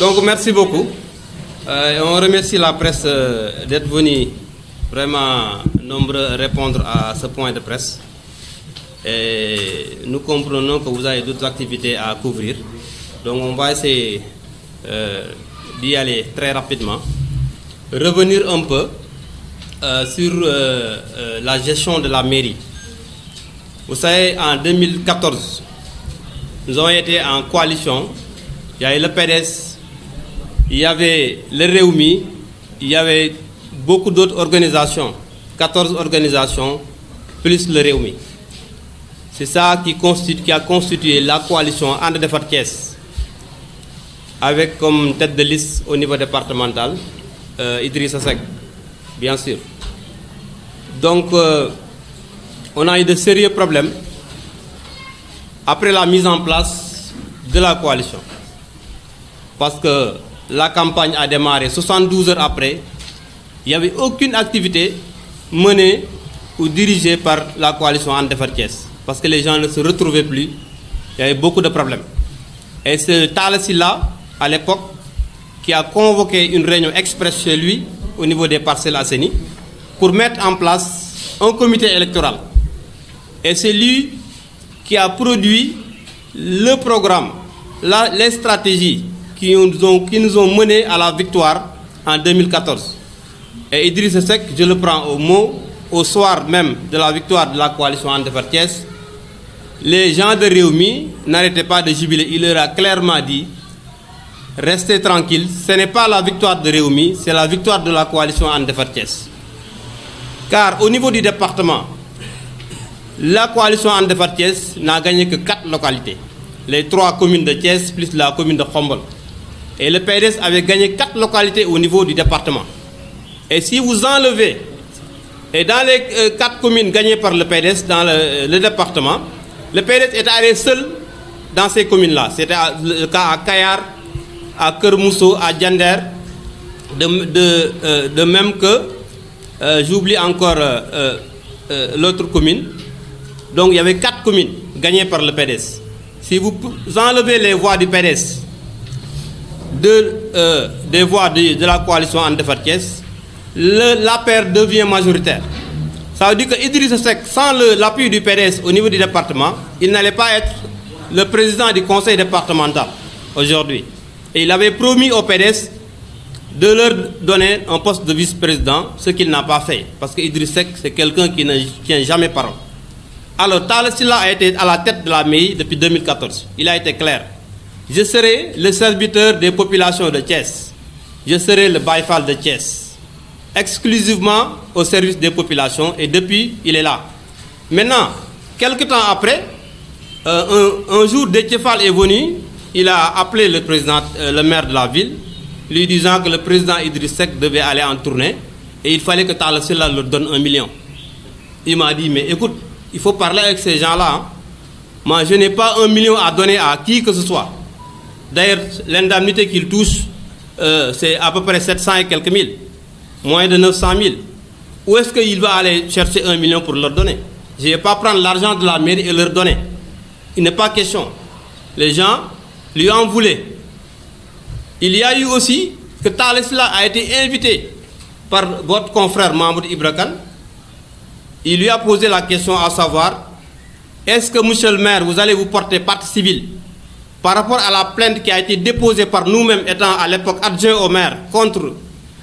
Donc merci beaucoup. Euh, on remercie la presse euh, d'être venue vraiment nombreux répondre à ce point de presse. Et nous comprenons que vous avez d'autres activités à couvrir. Donc on va essayer euh, d'y aller très rapidement. Revenir un peu sur la gestion de la mairie. Vous savez, en 2014, nous avons été en coalition il y avait le PDS, il y avait le Réumi, il y avait beaucoup d'autres organisations, 14 organisations, plus le Réumi. C'est ça qui, constitue, a constitué la coalition André de Farquies, avec comme tête de liste au niveau départemental euh, Idrissa bien sûr. Donc, euh, on a eu de sérieux problèmes après la mise en place de la coalition parce que la campagne a démarré 72 heures après. Il n'y avait aucune activité menée ou dirigée par la coalition Antefartiès, parce que les gens ne se retrouvaient plus. Il y avait beaucoup de problèmes. Et c'est Talassi-là, à l'époque, qui a convoqué une réunion express chez lui, au niveau des parcelles Séni pour mettre en place un comité électoral. Et c'est lui qui a produit le programme, les stratégies qui nous ont, menés à la victoire en 2014. Et Idriss Seck, je le prends au mot, au soir même de la victoire de la coalition antifartiès, les gens de Réumi n'arrêtaient pas de jubiler. Il leur a clairement dit restez tranquilles, ce n'est pas la victoire de Réumi, c'est la victoire de la coalition antifartiès. Car au niveau du département, la coalition antifartiès n'a gagné que quatre localités les trois communes de Thiès plus la commune de Khombol. Et le PDS avait gagné quatre localités au niveau du département. Et si vous enlevez, et dans les euh, quatre communes gagnées par le PDS dans euh, le, département, le PDS est allé seul dans ces communes-là. C'était le cas à Kayar, à Kermousso, à Djander, euh, de, même que, j'oublie encore l'autre commune. Donc il y avait quatre communes gagnées par le PDS. Si vous enlevez les voix du PDS, de, euh, des voix de, la coalition en farquès la paire devient majoritaire. Ça veut dire que Idriss Seck, sans l'appui du PDS au niveau du département, il n'allait pas être le président du conseil départemental aujourd'hui. Et il avait promis au PDS de leur donner un poste de vice-président, ce qu'il n'a pas fait. Parce que Idriss Seck, c'est quelqu'un qui ne tient jamais parole. Alors, Tal a été à la tête de la mairie depuis 2014. Il a été clair. Je serai le serviteur des populations de Thiès. Je serai le Baïfal de Thiès, exclusivement au service des populations et depuis, il est là. Maintenant, quelques temps après, euh, un, jour, Détiéfal est venu, il a appelé le, président, euh, le maire de la ville, lui disant que le président Idrissek devait aller en tournée et il fallait que cela leur donne un million. Il m'a dit, mais écoute, il faut parler avec ces gens-là. Hein. Moi, je n'ai pas un million à donner à qui que ce soit. D'ailleurs, l'indemnité qu'ils touchent, euh, c'est à peu près 700 et quelques mille, moins de 900 mille. Où est-ce qu'il va aller chercher un million pour leur donner Je ne vais pas prendre l'argent de la mairie et leur donner. Il n'est pas question. Les gens lui en voulaient. Il y a eu aussi que Talisla a été invité par votre confrère Mahmoud Ibrakan. Il lui a posé la question à savoir, est-ce que, monsieur le maire, vous allez vous porter partie civile par rapport à la plainte qui a été déposée par nous-mêmes, étant à l'époque adjoint au maire, contre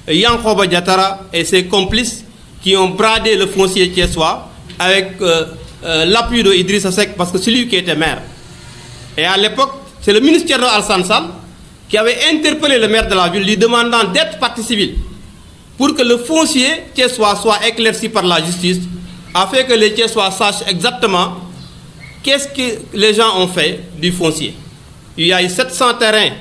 Yankoba Badiatara et ses complices qui ont bradé le foncier Tiesoa avec euh, euh, l'appui de Idrissa Seck, parce que c'est lui qui était maire. Et à l'époque, c'est le ministère de Al-Sansal qui avait interpellé le maire de la ville, lui demandant d'être partie civile pour que le foncier Tieswa soit éclairci par la justice, afin que les Tiesoa sachent exactement qu'est-ce que les gens ont fait du foncier il y a eu 700 terrains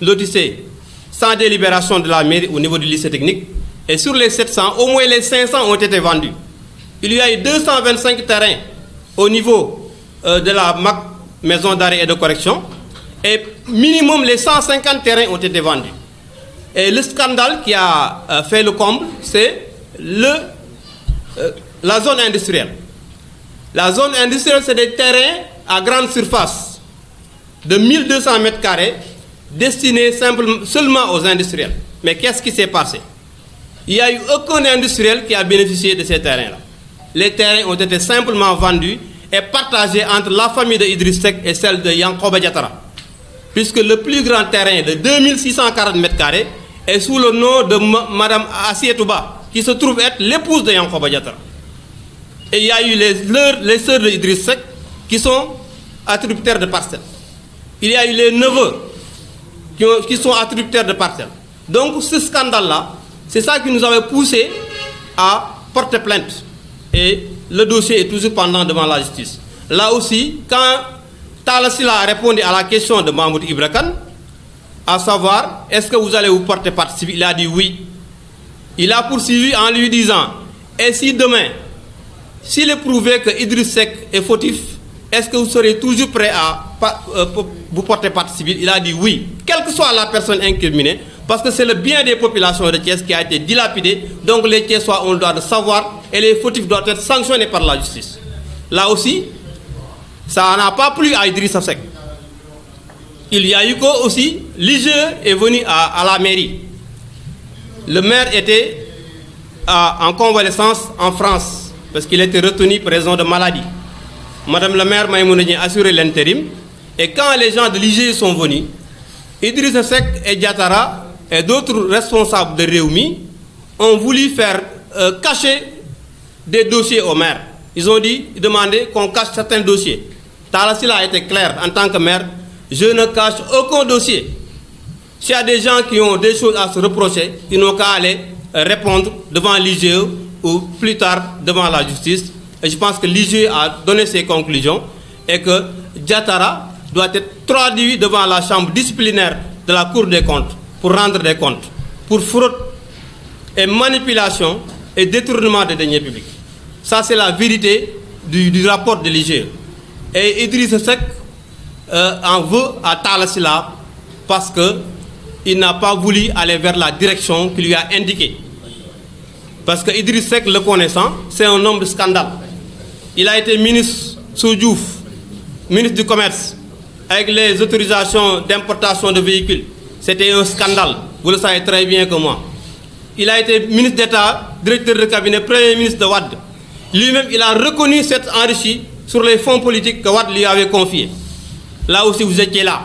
lotissés sans délibération de la mairie au niveau du lycée technique. Et sur les 700, au moins les 500 ont été vendus. Il y a eu 225 terrains au niveau euh, de la maison d'arrêt et de correction. Et minimum les 150 terrains ont été vendus. Et le scandale qui a euh, fait le comble, c'est le, euh, la zone industrielle. La zone industrielle, c'est des terrains à grande surface de 1200 mètres carrés destinés seulement aux industriels. Mais qu'est-ce qui s'est passé Il n'y a eu aucun industriel qui a bénéficié de ces terrains-là. Les terrains ont été simplement vendus et partagés entre la famille de Idriss Seck et celle de Yankoba Puisque le plus grand terrain de 2640 mètres carrés est sous le nom de Madame Etouba, qui se trouve être l'épouse de Yankoba Et il y a eu les, les sœurs de Idriss Seck qui sont attributaires de parcelles il y a eu les neveux qui, sont attributaires de parcelles. Donc ce scandale-là, c'est ça qui nous avait poussé à porter plainte. Et le dossier est toujours pendant devant la justice. Là aussi, quand Talasila a répondu à la question de Mahmoud Ibrakan, à savoir, est-ce que vous allez vous porter partie Il a dit oui. Il a poursuivi en lui disant, et si demain, s'il est prouvé que Idriss est fautif, est-ce que vous serez toujours prêt à euh, vous portez partie civile Il a dit oui, quelle que soit la personne incriminée, parce que c'est le bien des populations de Thiès qui a été dilapidé. Donc les Thiessois ont le droit de savoir et les fautifs doivent être sanctionnés par la justice. Là aussi, ça n'a pas plu à Idrissa Sek. Il y a eu quoi aussi L'IGE est venu à, la mairie. Le maire était en convalescence en France parce qu'il était retenu présent de maladie. Madame la maire Maïmounadien a assuré l'intérim. Et quand les gens de l'IGE sont venus, Idriss Sek et Diatara et d'autres responsables de Réumi ont voulu faire euh, cacher des dossiers au maire. Ils ont dit, demandé qu'on cache certains dossiers. Talasila a été clair en tant que maire, je ne cache aucun dossier. S'il y a des gens qui ont des choses à se reprocher, ils n'ont qu'à aller euh, répondre devant l'IGE ou plus tard devant la justice. Et je pense que l'IGE a donné ses conclusions et que Diatara doit être traduit devant la chambre disciplinaire de la Cour des comptes pour rendre des comptes pour fraude et manipulation et détournement des deniers publics. Ça, c'est la vérité du, rapport de l'IGE. Et Idriss Seck euh, en veut à Talasila parce qu'il n'a pas voulu aller vers la direction qu'il lui a indiquée. Parce que Idriss Seck, le connaissant, c'est un homme de scandale. Il a été ministre sous ministre du Commerce, avec les autorisations d'importation de véhicules. C'était un scandale, vous le savez très bien que moi. Il a été ministre d'État, directeur de cabinet, premier ministre de WAD. Lui-même, il a reconnu cette enrichie sur les fonds politiques que WAD lui avait confiés. Là aussi, vous étiez là.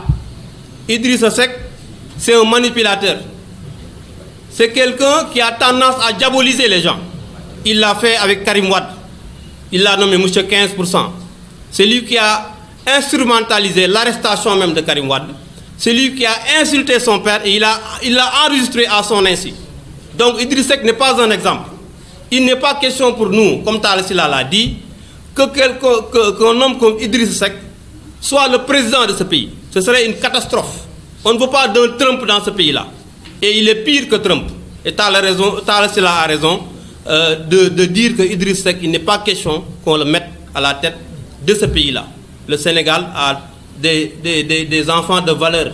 Idriss sec c'est un manipulateur. C'est quelqu'un qui a tendance à diaboliser les gens. Il l'a fait avec Karim Wad. Il l'a nommé Monsieur 15%. C'est lui qui a instrumentaliser l'arrestation même de Karim Wad, celui qui a insulté son père et il l'a a enregistré à son insu. Donc Idrissek n'est pas un exemple. Il n'est pas question pour nous, comme Talasila l'a dit, qu'un que, homme comme Idrissek soit le président de ce pays. Ce serait une catastrophe. On ne veut pas d'un Trump dans ce pays-là. Et il est pire que Trump. Et Talasila a raison euh, de, de, dire que Idriss Seck, il n'est pas question qu'on le mette à la tête de ce pays-là le Sénégal a des, enfants de valeur,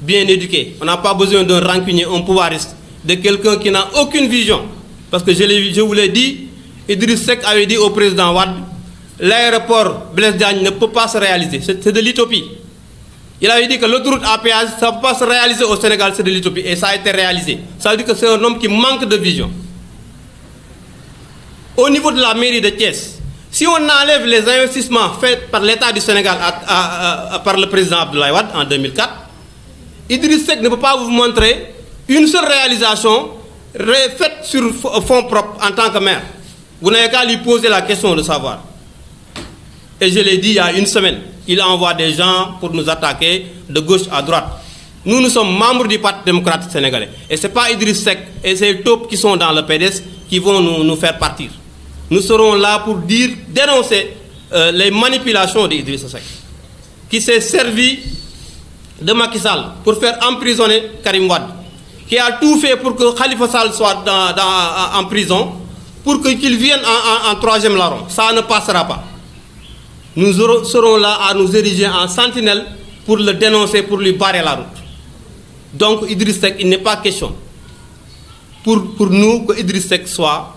bien éduqués. On n'a pas besoin d'un rancunier, un pouvoiriste, de quelqu'un qui n'a aucune vision. Parce que je, je vous l'ai dit, Idriss Seck avait dit au président Wad, l'aéroport Blaise ne peut pas se réaliser. C'est de l'utopie. Il avait dit que l'autoroute à ça ne peut pas se réaliser au Sénégal, c'est de l'utopie. Et ça a été réalisé. Ça veut dire que c'est un homme qui manque de vision. Au niveau de la mairie de Thiès, si on enlève les investissements faits par l'État du Sénégal par le président Abdoulaye Wade en 2004, Idriss Seck ne peut pas vous montrer une seule réalisation faite sur fond propre en tant que maire. Vous n'avez qu'à lui poser la question de savoir. Et je l'ai dit il y a une semaine, il envoie des gens pour nous attaquer de gauche à droite. Nous, nous sommes membres du Parti démocrate sénégalais. Et ce n'est pas Idriss Seck et ses taupes qui sont dans le PDS qui vont nous faire partir nous serons là pour dire, dénoncer euh, les manipulations d'Idriss Seck, qui s'est servi de Macky Sall pour faire emprisonner Karim Wad, qui a tout fait pour que Khalifa Sall soit en prison, pour qu'il vienne en, troisième larron. Ça ne passera pas. Nous serons là à nous ériger en sentinelle pour le dénoncer, pour lui barrer la route. Donc Idriss Seck, il n'est pas question pour, nous que Idriss Seck soit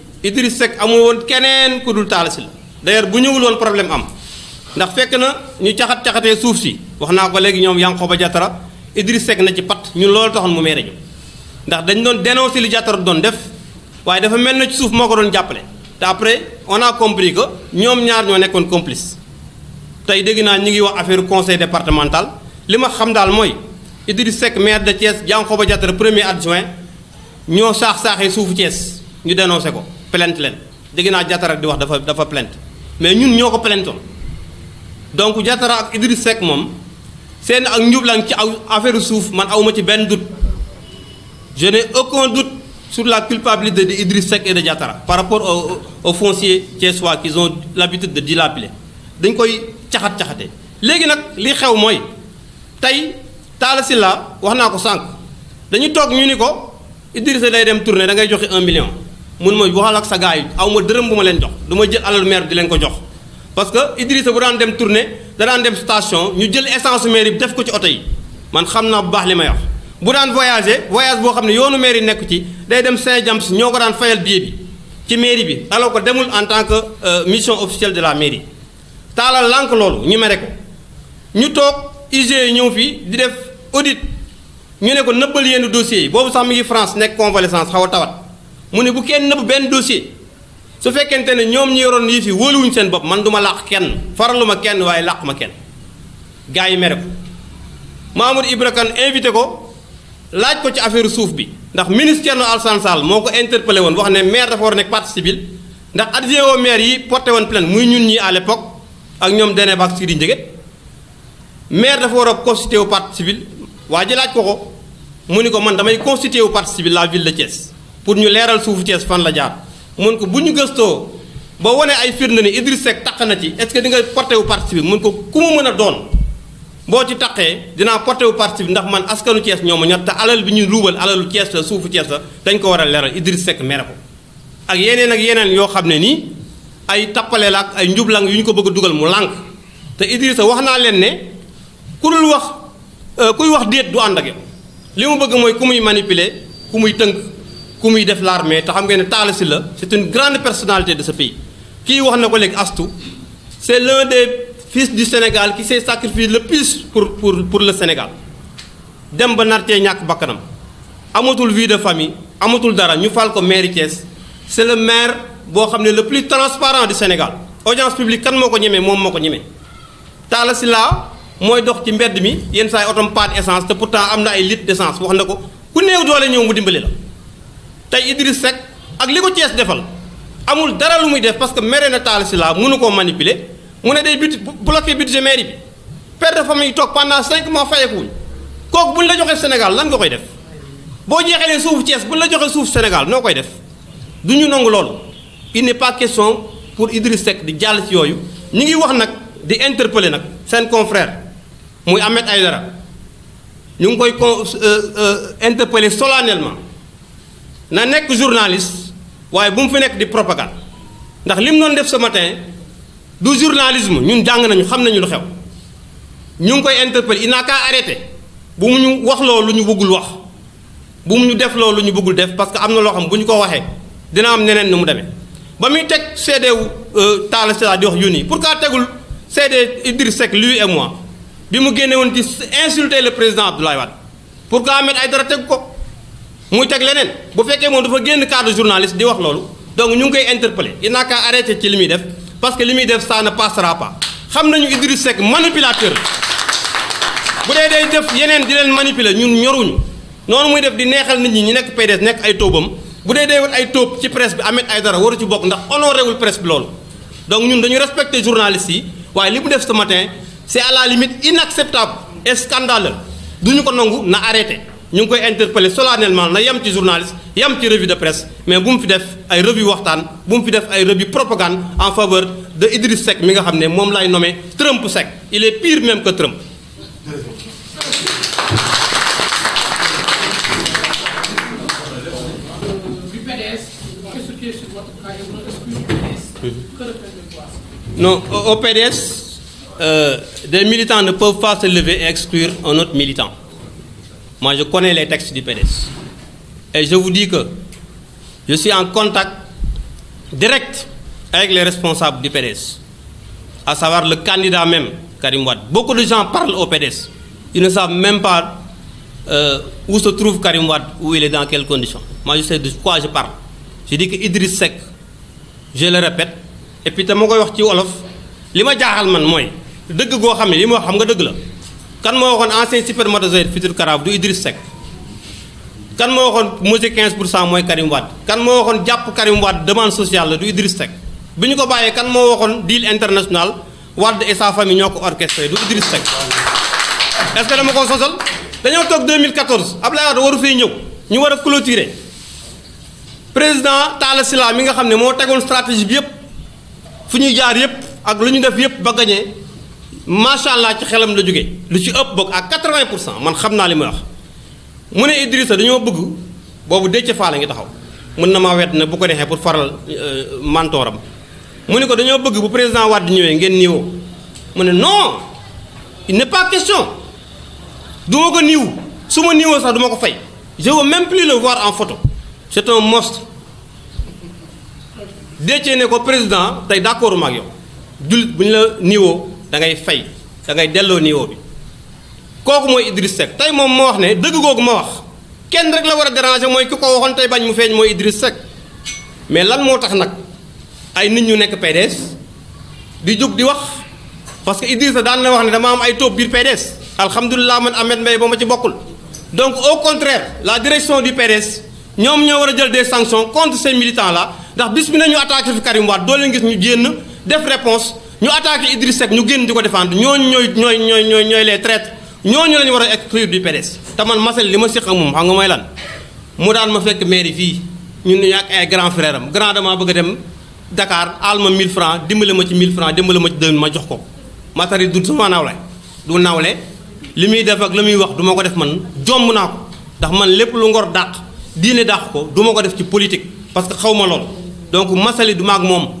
Idriss Seck amul woon keneen ku dul Talla Sylla d'ailleurs bu ñëwul woon problème am ndax fekk na ñu caxat caxatee suuf si wax naa ko léegi ñoom Yankhoba Diattara Idriss Seck na ci pat ñun loolu taxoon mu meere ñu ndax dañ doon dénoncé li Diattara doon def waaye dafa mel na ci suuf moo ko doon jàppale te après on a compris que ñoom ñaar nekkoon complice tey dégg naa ñu ngi wax affaire conseil départemental li ma xam daal mooy Idriss Seck maire de Thiès Yankhoba Diattara premier adjoint ñoo saax saaxee suufu Thiès ñu dénoncé ko plainte leen dégg naa Diatara di wax dafa dafa plainte mais ñun ñoo ko plaintoon donc Diatara ak Idriss Seck moom seen ak njublan ci affaire suuf man awma ci benn doute je n'ai aucun doute sur la culpabilité de Idriss et de Diatara par rapport au au foncier thiessois qu'ils ont l'habitude de dilapider dañ koy caxat caxate léegi nag li xew mooy tey Talla Sylla wax naa ko sànq dañu toog ñu ni Idriss day dem tourner da ngay joxe un million mun ma waxal ak sa gars yi aw ma dërëm bu ma leen jox du ma jël alal maire bi di leen ko jox parce que Idrissa bu daan dem tournée da daan dem station ñu jël essence maire bi def ko ci oto yi man xam naa bu baax li may wax bu daan voyagé voyage boo xam ne yoonu maire yi nekk ci day dem Saint-James ñoo ko daan fayal billet bi ci mairie bi alors que demul en tant que euh, mission officielle de la mairie taalal lànk loolu ñu mere ko ñu toog ig ñëw fii di def audit ñu ne ko nëbbal yenn dossiers yi boobu sax mi ngi France nekk convalescence xaw a tawat mu ne bu kenn nëbb benn dossier su fekkente ne ñoom ñi yoroon yëf yi wóoluwuñ seen bopp man du ma làq kenn faralu ma kenn waaye làq ma kenn gars yi mere ko Mamour Ibra Kane invité ko laaj ko ci affaire suuf bi ndax ministère no Alassane Sall moo ko interpellé woon wax ne maire dafa war a nekk partie civile ndax adjoint au yi porté woon plainte muy ñun ñi à l'époque ak ñoom dene baak Sidi Njëge maire dafa war a constitué wu partie civile waa ji laaj ko ko mu ni ko man damay constitué wu partie la ville de Thiès pour ñu leeral suufu Thiès fan la jaar mën ko bu ñu gëstoo ba wane ay firnde ni Idriss Seck taq na ci est-ce que di nga porté wu parti bi mun ko ku mu mën a doon boo ci taqee dinaa porté wu parti bi ndax man askanu cees ñoo ma ñor te alal bi ñu luubal alalu Thiès la suufu Thiès la dañ ko war a leeral Idriss Seck mere ko ak yeneen ak yeneen yoo xam ne nii ay tappale ay njublang yu ñu ko bëgg dugal mu lànk te Idrissa wax naa leen ne ku dul wax euh, kuy wax déet du ànd ak yow li mu bëgg mooy ku manipuler ku muy tënk ku muy def l'armée te xam nga ne Talla Sylla c'est une grande personnalité de ce pays kii wax na ko léegi Astou c'est l'un des fils du Sénégal qui s'est sacrifié le plus pour pour pour le Sénégal dem ba nartee ñàkk bakkanam amatul vie de famille amatul dara ñu fal ko maire Thiès c'est le maire boo xam ne le plus transparent du Sénégal audience publique kan moo ko ñemee moom moo ko ñemee Talla Sylla mooy dox ci mbedd mi yenn saa yi otom paat essence te pourtant am na ay litres d'essence wax na ko ku néew doole ñëw tey Idriss Seck ak li ko Thiès defal amul dara lu muy def parce que maire na Talla Sylla mënu koo manipuler mu ne day budget bloqué budget mairie bi père de famille toog pendant 5 mois fayekuwuñ kooku buñ la joxee Sénégal lan nga koy def boo jeexalee suuf Thiès buñ la joxee suuf Sénégal noo koy def du ñu nangu loolu il n'est pas pour Idriss Seck di jàll ci yooyu ñu ngi wax nag di interpeller nag seen confrère muy amet ay dara ñu ngi koy con euh, euh, interpeller solennellement na nekk journaliste waaye bu mu fi nekk di propagande ndax li mu doon def ce matin du journalisme ñun jàng nañu xam nañu lu xew ñu ngi koy interpellé il n'a qu'à bu mu ñu wax loolu lu ñu bëggul wax bu mu ñu def loo lu ñu bëggul def parce que am na loo xam bu ñu ko waxee dina am neneen nu mu demee ba muy teg CD wu euh, Talla Sylla di wax yu nii pourquoi tegul CD Idriss Seck lui et moi bi mu génne woon ci insulter le président Abdoulaye Wade pourquoi Ahmed Aïdara teg ko. muy teg leneen bu fekkee moom dafa génn cadre journaliste di wax loolu donc ñu ngi koy interpeller il n'a qu'à ci li muy def parce que li muy def ça ne passera pas xam nañu Idriss Seck manipulateur bu dee day def yeneen di leen manipuler ñun ñoruñu noonu muy def di neexal nit ñi ñu nekk PDS nekk ay tóobam bu dee day wut ay tóob ci presse bi Ahmed Aïdara waru ci bokk ndax honoré wul presse bi loolu donc ñun dañu respecter journalistes yi waaye li mu def ce matin à la limite inacceptable et scandaleux duñu ko nangu na arrêté nous ngi koy interpeller solennellement na yem ci journaliste yem ci revue de presse mais bu mu fi def ay revue waxtaan bu fi def ay revue propagande en faveur de Idriss Seck mi nga xam ne nommé Trump Seck il est pire même que Trump. Non, au PDS, euh, des militants ne peuvent pas se lever et exclure un autre militant. Moi, je connais les textes du PDS. Et je vous dis que je suis en contact direct avec les responsables du PDS, à savoir le candidat même, Karim Wad. Beaucoup de gens parlent au PDS. Ils ne savent même pas euh, où se trouve Karim Wad, où il est, dans quelles conditions. Moi, je sais de quoi je parle. Je dis que Idriss Seck, je le répète, et puis je dire que je suis que je dire, que je kan moo waxoon ancien spermatozoïde futur carafe du Idriss Seck kan moo waxoon monsieur 15 pour cent mooy Karim Wade kan moo waxoon jàpp Karim Wade demande sociale la du Idriss Seck bi ñu ko bàyyee kan moo waxoon deal international Wade et sa famille ñoo ko orchestré du Idriss Seck est-ce que dama ko sosal dañoo toog 2014 Abdoulaye Wade waru fee ñëw ñu war a clôturer président Talla Sylla mi nga xam ne moo tegoon stratégie bi yëpp fu ñuy jaar yëpp ak lu ñu def yëpp ba gagné. macha allah ci xelam la jóge lu ci ëpp bokk ak 80 pour cent man xam naa li may wax mu ne Idrissa dañoo bëgg boobu Déthié Fall ngi taxaw mën na ma wet ne bu ko neexee pour faral euh, mantooram mu ne ko dañoo bëgg bu président Wade ñëwee ngeen niiwoo mu ne non il n'est pas question du ko niiw su ma niiwoo sax du ko fay je veux même plus le en photo c'est un monstre Déthié ne ko président tey d'accord ma ak yow jullit bu ñu la niiwoo da ngay fay da ngay delloo niveau bi kooku moy Idriss Seck tay mom mo wax ne deug gogou ma wax kenn rek la wara a déranger mooy ki ko waxoon tey bañ mu feeñ mooy Idriss Seck mais lan moo tax nag ay nit ñu nekk PDS di jóg di wax parce que idriss da na wax ne dama am ay top biir PDS alhamdulilah man Ahmed Mbaye ba ci bokul donc au contraire la direction du PDS ñom ñoo wara jël des sanctions contre ces militants là ndax bis bi nañu attaqué fi Karim wat do leen gis ñu génn def réponse ñu attaqué Idriss Seck ñu génn di ko défendre ñooñu ñooy ñooy ñooy ñooy ñooy les traîtres ñooñu la ñu war a exclure du PDS te man Marcel li ma séq ak moom xam nga mooy lan mu daan ma fekk mairie fii ñun ñu ak ay grand frère grand dama bëgg a dem dakaar aal ma 1000 francs dimbale ma ci mille francs dimbale ma ci 2000 ma jox ko ma du sama nawle du nawle li muy def ak li muy wax du ma ko def man jomb naa ko ndax man lépp lu ngor dàq diine dàq ko duma ko def ci politique parce que xaw ma lool donc Marcel du moom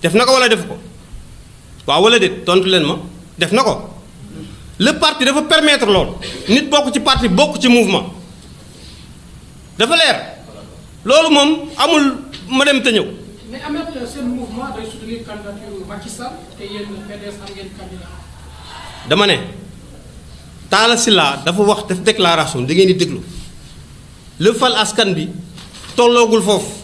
def na ko wala def ko waaw wala déet tontu leen ma def na ko le parti dafa permettre lool nit bokk ci parti bokk ci mouvement dafa leer loolu moom amul ma dem te ñëw. mais Ameth seen mouvement day soutenir candidature Macky te yéen PDS am ngeen candidat. dama ne Tala Sylla dafa wax def déclaration di ngeen di déglu le fal askan bi tolloogul foofu.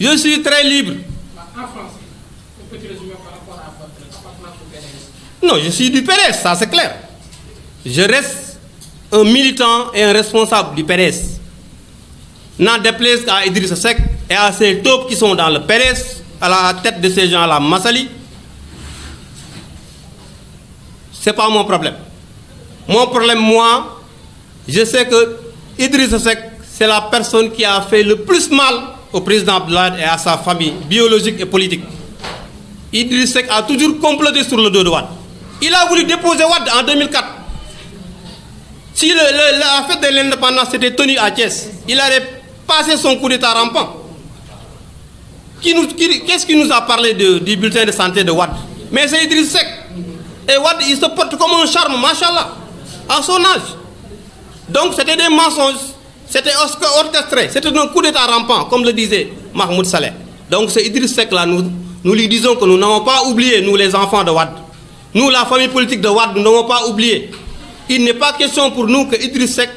je suis très libre. Non, je suis du Pérez, ça c'est clair. Je reste un militant et un responsable du PDS. N'en déplaise à Idrissa Sec et à ces taupes qui sont dans le PS à la tête de ces gens-là, Massali. C'est pas mon problème. Mon problème, moi, je sais que Idrissa Sec c'est la personne qui a fait le plus mal au président Blaise et à sa famille biologique et politique. Idriss Seck a toujours comploté sur le dos de Wad. Il a voulu déposer Wad en 2004. Si la fête de l'indépendance était tenue à Thiès, il aurait passé son coup d'état rampant. Qu'est-ce qui, nous a parlé du bulletin de santé de Wad Mais c'est Idriss Seck. Et Wad, il se porte comme un charme, machallah, à son âge. Donc c'était des mensonges c'était orchestré, c'était un coup d'État rampant, comme le disait Mahmoud Saleh. Donc c'est Idriss Seck là, nous, nous lui disons que nous n'avons pas oublié, nous les enfants de Wad. Nous, la famille politique de Wad, nous n'avons pas oublié. Il n'est pas question pour nous que Idriss Seck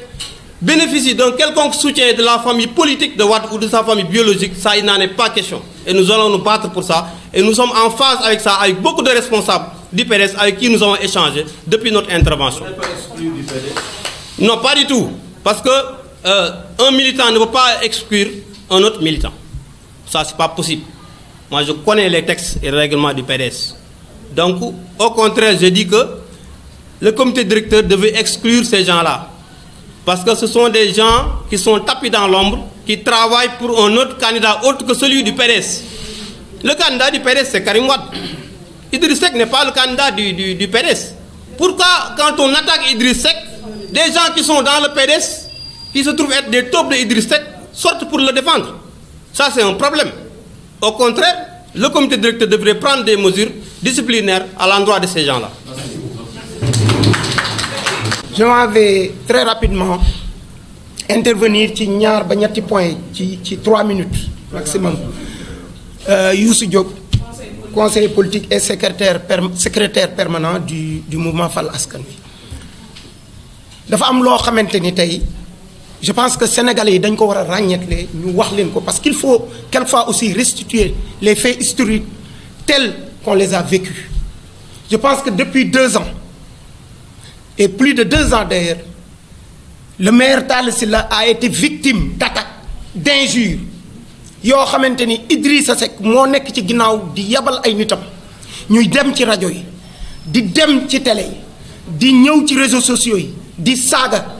bénéficie d'un quelconque soutien de la famille politique de Wad ou de sa famille biologique, ça il n'en est pas question. Et nous allons nous battre pour ça. Et nous sommes en phase avec ça, avec beaucoup de responsables du avec qui nous avons échangé depuis notre intervention. Vous pas exclu du Non, pas du tout. Parce que euh, un militant ne peut pas exclure un autre militant. Ça, c'est pas possible. Moi, je connais les textes et règlements du PDS. Donc, au contraire, je dis que le comité directeur devait exclure ces gens-là. Parce que ce sont des gens qui sont tapis dans l'ombre, qui travaillent pour un autre candidat autre que celui du PDS. Le candidat du PDS, c'est Karim Wad. Idriss n'est pas le candidat du, du, du PDS. Pourquoi, quand on attaque Idriss Seck, des gens qui sont dans le PDS qui se trouvent être des taupes de Idriss sortent pour le défendre. Ça, c'est un problème. Au contraire, le comité directeur devrait prendre des mesures disciplinaires à l'endroit de ces gens-là. Je vais très rapidement intervenir sur ñaar ba point trois minutes maximum euh, Youssou Diop conseiller politique et secrétaire secrétaire permanent du mouvement Fal dafa am je pense que sénégalais yi dañ ko war ñu wax parce qu'il faut quelquefois aussi restituer les faits historiques tels qu'on les a vécus je pense que depuis deux ans et plus de deux ans d'ailleurs le maire Talla a été victime d'attaques d'injures Yo xamanteni Idrissa Seck qui nek ci ginnaaw di yabal ay nitam ñuy dem ci radio yi di dem ci télé yi di ñëw ci réseaux sociaux yi di saga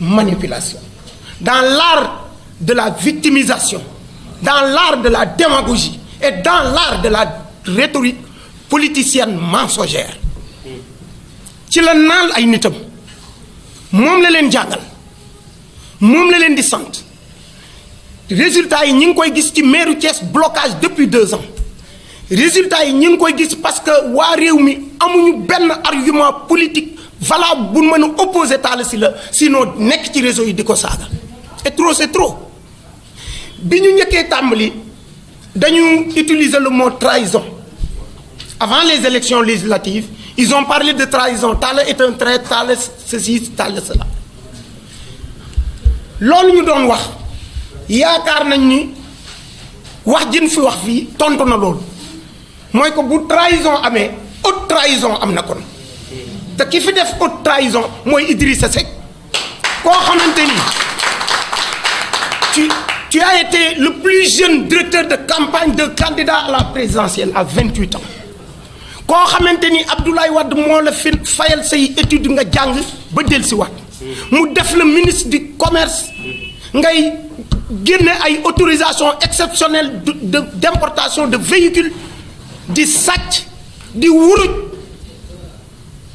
manipulation, dans l'art de la victimisation, dans l'art de la démagogie et dans l'art de la rhétorique politicienne mensongère. ci la naal ay nitam mom la len jàngal mom la len di sante résultat yi ñu ngi koy gis ci maire Thiès blocage depuis deux ans résultat yi ñu ngi koy gis parce que wa réew mi amuñu argument politique voilà, pour nous opposer opposé sinon nekk ci réseau trop c'est trop Si nous avons le mot trahison avant les élections législatives ils ont parlé de trahison Talla est un trait ceci cela Ce ñu nous wax c'est que ni wax fi wax na trahison trahison qui qui fait def haute trahison Idrissa tu tu as été le plus jeune directeur de campagne de candidat à la présidentielle à 28 ans Comment Abdoulaye Wade moo la fi fayal say étude nga ba le ministre du commerce ngay génne une autorisation exceptionnelle d'importation de véhicules de sacs, de wuruj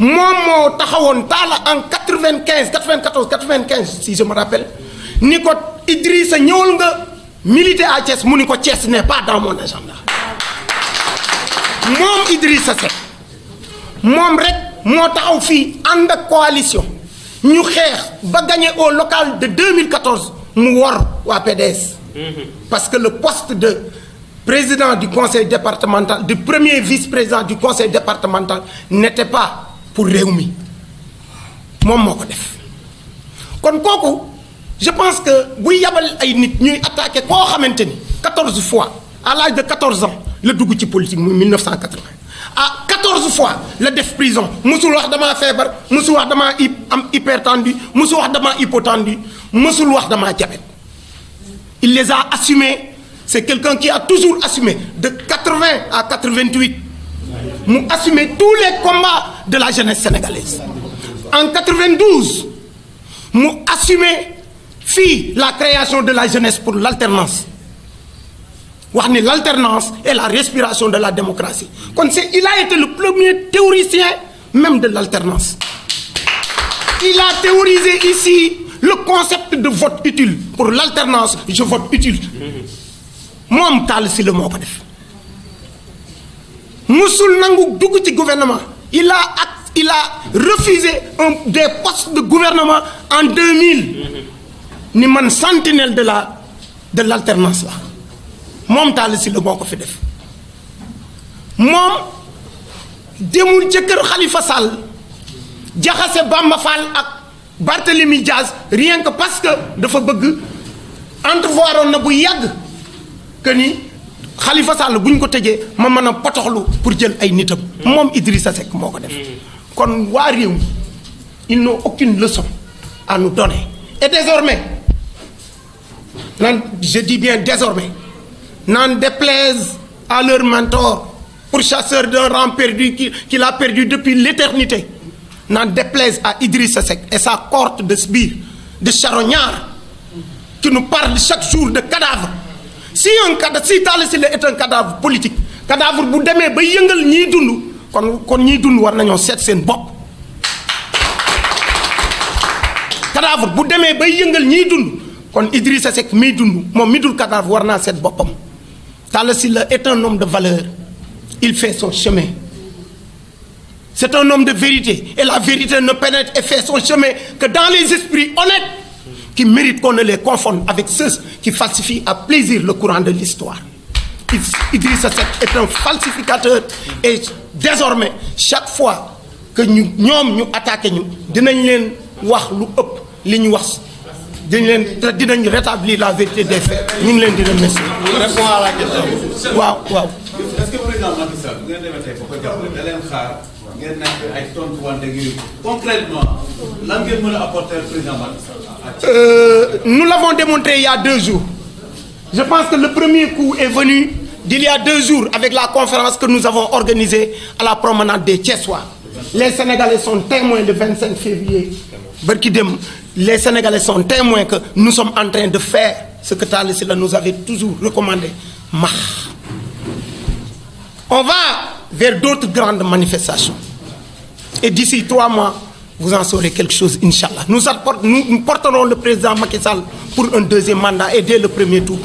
en 95 94 95 si je me rappelle ni Idriss Idrissa à Thiès mon n'est pas dans mon agenda moom Idrissa c'est moom rek moo taxaw en coalition ñu gagner gagné au local de 2014 mu wor waa parce que le poste de président du conseil départemental du premier vice-président du conseil départemental n'était pas pour Réumi. moi moom je pense que oui, yabal ay nit attaqué 14 fois à l'âge de 14 ans le Dougouti politique en 1980 à 14 fois le def prison mosul wax damaa feebar mosul hypertendu mosul wax hypotendu mosul wax ma diabète il les a assumés c'est quelqu'un qui a toujours assumé de 80 à 88 nous assumer tous les combats de la jeunesse sénégalaise. En 92, nous assumer la création de la jeunesse pour l'alternance. L'alternance est la respiration de la démocratie. Il a été le premier théoricien même de l'alternance. Il a théorisé ici le concept de vote utile. Pour l'alternance, je vote utile. Moi, je suis le mot musul n'angou Dougouti ci gouvernement il a il a refusé des postes de gouvernement en 2000 ni man sentinelle de la de l'alternance, le la le Talla de moo ko fi def moom demul ca Khalifa Sal, jaxase Bamba ak Barthélemy Diaz rien que parce que de bëgg entrevoir un nouveau yag, que ni. Khalifa Sall buñ ko tejé ma mëna a potoxlu pour jël ay nitam. mom Idrissa Seck moko def. kon wa ils n'ont aucune leçon à nous donner. et désormais je dis bien désormais n'en déplaise à leur mentor pour chasseur d'un rang perdu qui qu'il a perdu depuis l'éternité n'en déplaise à Idrissa Seck et sa corte de sbires de charognards qui nous parlent chaque jour de cadavres si un cadavre si est un cadavre politique cadavre bu demee ba yëngal ñiy dund kon kon ñiy dund war nañoo set sen bop cadavre bu demee bay un ñiy dund kon Idrissa Seck mi dund mom mi cadavre war est un homme de valeur il fait son chemin c'est un homme de vérité et la vérité ne pénètre et fait son chemin que dans les esprits honnêtes qui méritent qu'on ne les confonde avec ceux qui falsifient à plaisir le courant de l'histoire. Idriss Seck est un falsificateur et désormais, chaque fois que ñu nous ñu attaqué ñu dinañ leen wax lu ëpp li wax rétablir la vérité des faits ñu ngi leen di remercier. répond à la question. waaw est-ce que président Macky Sall bu ngeen demee tey ba ko jàppale da leen xaar ngeen nekk ay tontuwante yooyu concrètement lan ngeen mën a apporter président Macky euh, nous l'avons démontré il y a deux jours. Je pense que le premier coup est venu d'il y a deux jours avec la conférence que nous avons organisée à la promenade des Tchessois. Les Sénégalais sont témoins de 25 février. les Sénégalais sont témoins que nous sommes en train de faire ce que cela nous avait toujours recommandé. On va vers d'autres grandes manifestations. Et d'ici trois mois, vous en saurez quelque chose, Inch'Allah. Nous, nous, porterons le président Macky Sall pour un deuxième mandat et dès le premier tour.